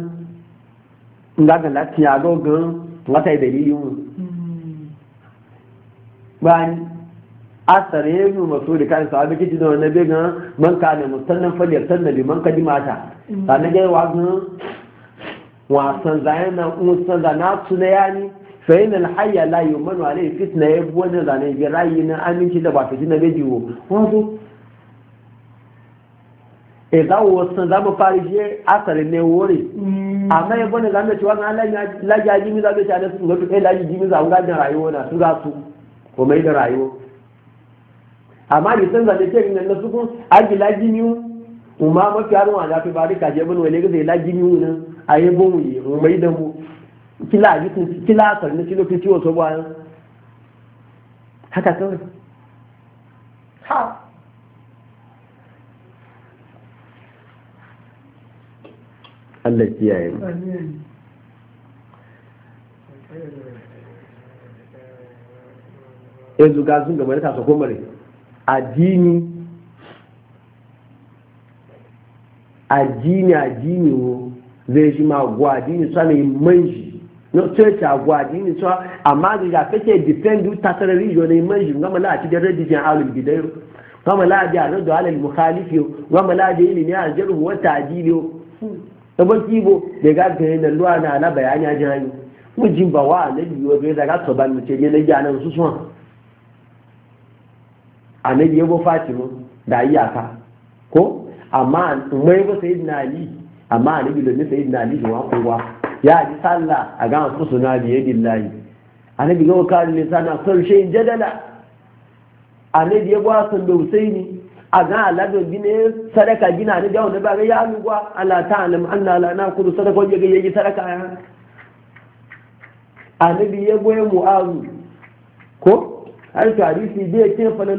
ńlágàn láti àgọ́ gan látà ìdẹ̀lí yìí wọn. Hmm. báyìí asàrẹ̀ yẹn mọ̀tò rẹ̀ káyọ̀ sọ̀rọ̀ abẹ́kẹ́tì náà nẹ́bẹ̀ gan mọ̀n ká ní na fọlẹ̀ sànnà bí mọ̀n kàdí máa ta hmm. sànẹ́gẹ́ wa gan wọn àsànzà yẹn náà ń sànzà náà tún náà yá ni. fayin alhayya la yumanu alayhi fitna ya bu wannan zane bi rayi na aminci da ba ta jina bai jiwo wato e za wo san za mu fari je asare ne wore amma ya bane zan da cewa na la ya ji mi za ga tare su gobe kai la ji mi za ga da rayuwa na su za su ko mai da rayuwa amma ni san zane ce ne na su kun aji la ji mi umma mafi yaron wa da fi barika je bane wale ga zai la ji mi nan ayi bon yi mai da mu kila ajikin kila sarni kilo fi ciwo so bayan haka kawai ha Allah kiyaye mu yanzu ga sun gaba da tasa komare addini addini addini wo zai shi ma gwa addini sanin manji na church agwa dini so amma da kake defend ta tare rijo ne man shi ngama la ci da redijan alul bidairu ngama la da radu alal mukhalif yo ngama la da ilimi al jarh wa ta'dil yo da baki bo da ga ga na luwa na na bayani a jani ji ba wa alaji yo ga daga to ban mu ce ne na janan su so anabi yabo fatimu da iyaka ko amma mai ba sayyidina ali amma anabi da sayyidina ali da wa kowa ya ji sallah a ga masu suna biye billahi annabi ga wakar ne sana son shi jadala annabi ya gwa sun da husaini a ga aladun ya sadaka gina ne da wanda ba ga ya lugwa ala an anna la naqulu sadaka wajen yi sadaka ya annabi ya goye mu'azu ko har hadisi bai ce fa na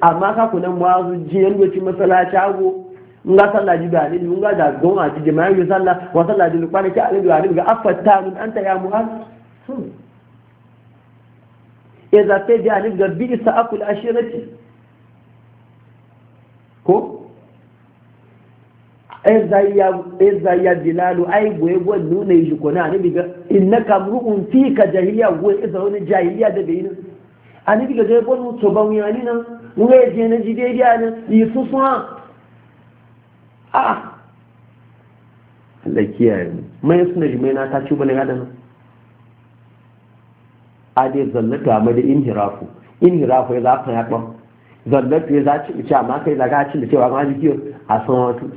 amma kakunan mu'azu jiyan gwacin masala shago nga salla ji ga ni nga da gon a ji jama'a yi salla wa salla ji lukwa ki ke alibi wa ga afata mun an ta ya E ya zafe ji alibi ga bi sa akul ashirati ko eza ya bilalu ai goye nu nuna ji ko na alibi ga innaka kamru'un fi ka jahiliya goye isa wani jahiliya da bai yi nan alibi ga bo gwanu to mu yi na nga ga je na ji daidai nan yi susuwa a Allah kiyaye mu mai suna jimai na ta ci bane ga dana a dai zallata ma da inhirafu inhirafu ya zafa ya kwan zallatu ya zaci ice amma kai zaga ci da cewa ma jikiyo a san wato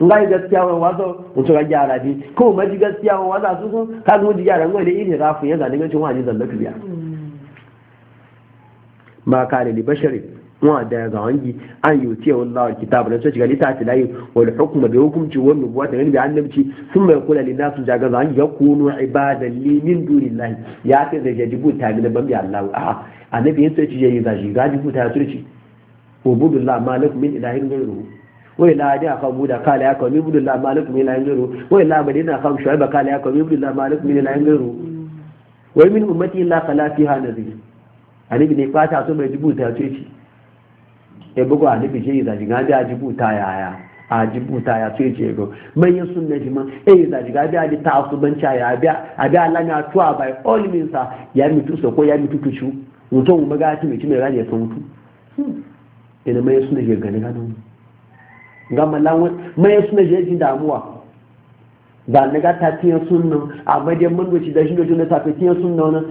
in ga gaskiya wa wazo mutum ga gyara bi ko ma ji gaskiya wa wazo su sun ka zo ji gyara ngwa da inhirafu ya zaɗi gancin wani zallatu biya hmm. ma kare li basharin a da ga wangi an yi ce wallahi kitab da sai gani ta tilayi wal hukmu bi hukumci wa nubuwa da bi annabci sun mai kula lin nasu jaga za ya kunu ibadan li min dunillahi ya ce da jajibu ta bi da bambi Allah a annabi yace ce yayi zaji gajibu ta turci ubudullah malakum min ilahin wai la da ka buda kala ya kawai budullah malakum min ilahin ghayruhu wai la badina ka shuaiba kala ya kawai budullah malakum min ilahin ghayruhu wai min ummati la khala fiha nadhir annabi ne fata so mai jibu turci ya bugu a nufi shi zaji ga da ajibu ta yaya ajibu ta ya sai ce go man yin sunna shi man eh zaji ga da ta su ban cha ya biya a biya na tuwa by all means ya mutu so ko ya mutu tushu mu ga mutu ina mai sunna shi ga mai sunna shi jin damuwa ba ga ta sunna amma mun da shi ta sunna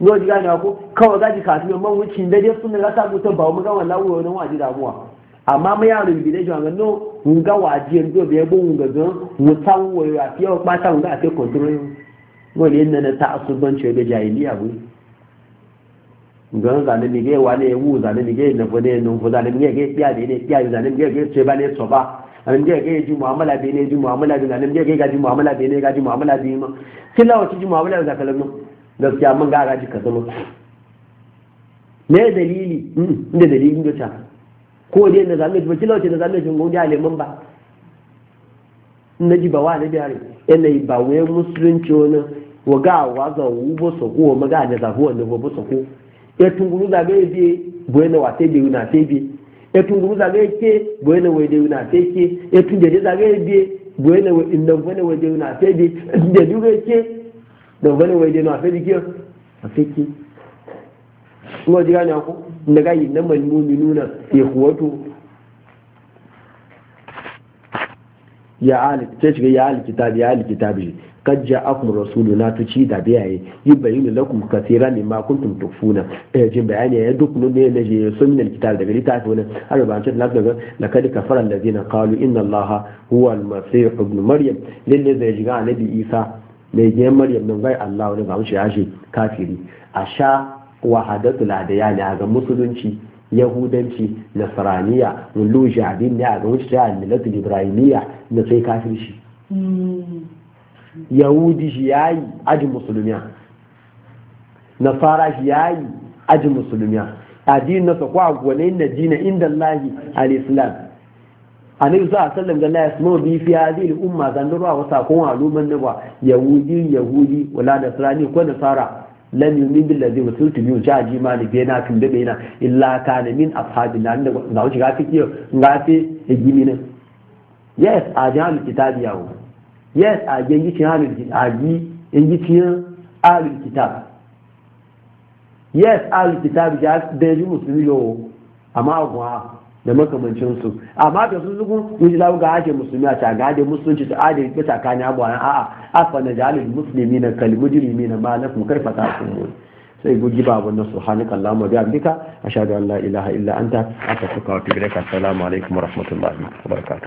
yau ji gane ko kawai gaji kafin yamma wuce da dai sun ga sabu ta ba mu ga wannan wuri wani waje damuwa amma mu ya rubi da jama'a no mun ga waje yanzu bai yabo mun ga zan mu san wayo a fiye ba ta mun ga a sai kontrol mu ne na ta asuban ce da jahiliya bu gan zane mi ge wane wu zane mi ge na fone no fo zane mi ge piya de ne piya zane mi ge ce ba ne so ba zane mi ge ji mu'amala be ne ji mu'amala be zane mi ge ga ji mu'amala be ne ga ji mu'amala be ma kila wata ji mu'amala da kalamu gaskiya mun gara gaji ka zama me dalili hmm, inda dalilin da ta ko dai na zame ba kila wace na zame shi gonja aleman ba na ji ba wa na biyare yanayi ba wai musulunci wani wa ga wa ga wubo soko e wa da zafi wanda wubo soko ya tunguru ya biye boye na biyu na biye ya e tunguru ya ke boye na wai biyu na fe ke ya e ya biye dangane wai dai mafi jikiyar a fiki kuma ji gane ku na gayi na malmumi nuna ya kuwato ya ali ce shiga ya ali kitabi ya ali kitabi kad ja'akum rasuluna tuci da biyaye yubayyinu lakum kaseeran mimma kuntum tukfuna eh jin bayani ya duk mun ne ne sun min alkitab daga litafi wannan har ba an daga lakad kafara allazina qalu inna allaha huwa almasih ibn maryam lalle zai shiga annabi isa Mai gina maryam nan bai Allah wani ba mushi yashi kafiri a sha wahadatul adiyani a ga musulunci yahudanci nasraniya lulu jadin ne a ga mushi ta milatul ibrahimiyya na sai kafir shi hmm. yahudi shi yayi ajin musulmiya nasara shi yayi ajin musulmiya addinin nasa ko a gwanin na dina inda Allah alislam za a sallam ga layas ma bi fi hadhihi umma zandarwa wa sakon aluman nawa yahudi yahudi wala da sarani ko nasara lam yumin bil ladhi wasultu bi jaji mali bi na tun da bayina illa kana min nan da ga wuce ga fiki ga fi gimi ne yes a jahal kitabi yawo yes a gengi cin halin kitabi gengi cin halin kitab yes al kitab ja da musulmi yo amma gwa da makamancinsu amma da sun zugun ni da ga ake musulmi a ta da musulunci ta adai ta tsakani abuwa a'a afa na jalil muslimi na kalmujirimi na kum karfata sun mu sai gogi babu na subhanaka allahumma bi abdika ashhadu an la ilaha illa anta astaghfiruka wa atubu ilaik assalamu alaikum wa rahmatullahi wa barakatuh